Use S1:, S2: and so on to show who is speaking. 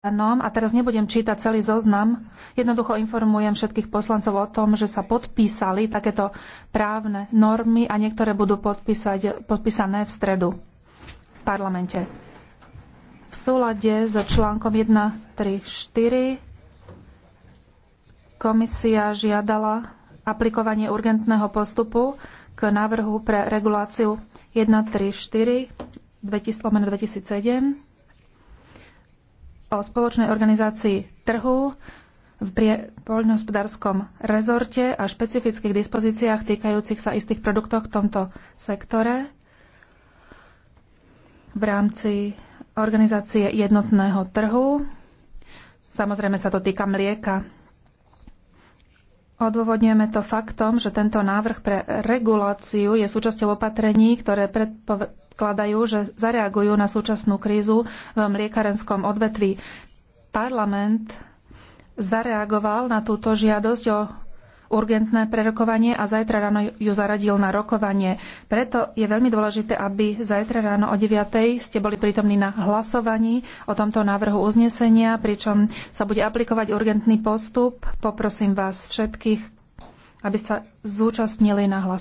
S1: Áno, a teraz nebudem čítať celý zoznam. Jednoducho informujem všetkých poslancov o tom, že sa podpísali takéto právne normy a niektoré budú podpísať, podpísané v stredu v parlamente. V súlade so článkom 1, 3, 4 komisia žiadala aplikovanie urgentného postupu k návrhu pre reguláciu 1 4, 2007 o spoločnej organizácii trhu v poľnohospodárskom rezorte a špecifických dispozíciách týkajúcich sa istých produktov v tomto sektore v rámci organizácie jednotného trhu. Samozrejme sa to týka mlieka. Odôvodňujeme to faktom, že tento návrh pre reguláciu je súčasťou opatrení, ktoré predpokladajú, že zareagujú na súčasnú krízu v mliekarenskom odvetví. Parlament zareagoval na túto žiadosť o urgentné prerokovanie a zajtra ráno ju zaradil na rokovanie. Preto je veľmi dôležité, aby zajtra ráno o 9. ste boli prítomní na hlasovaní o tomto návrhu uznesenia, pričom sa bude aplikovať urgentný postup. Poprosím vás všetkých, aby sa zúčastnili na hlasovaní.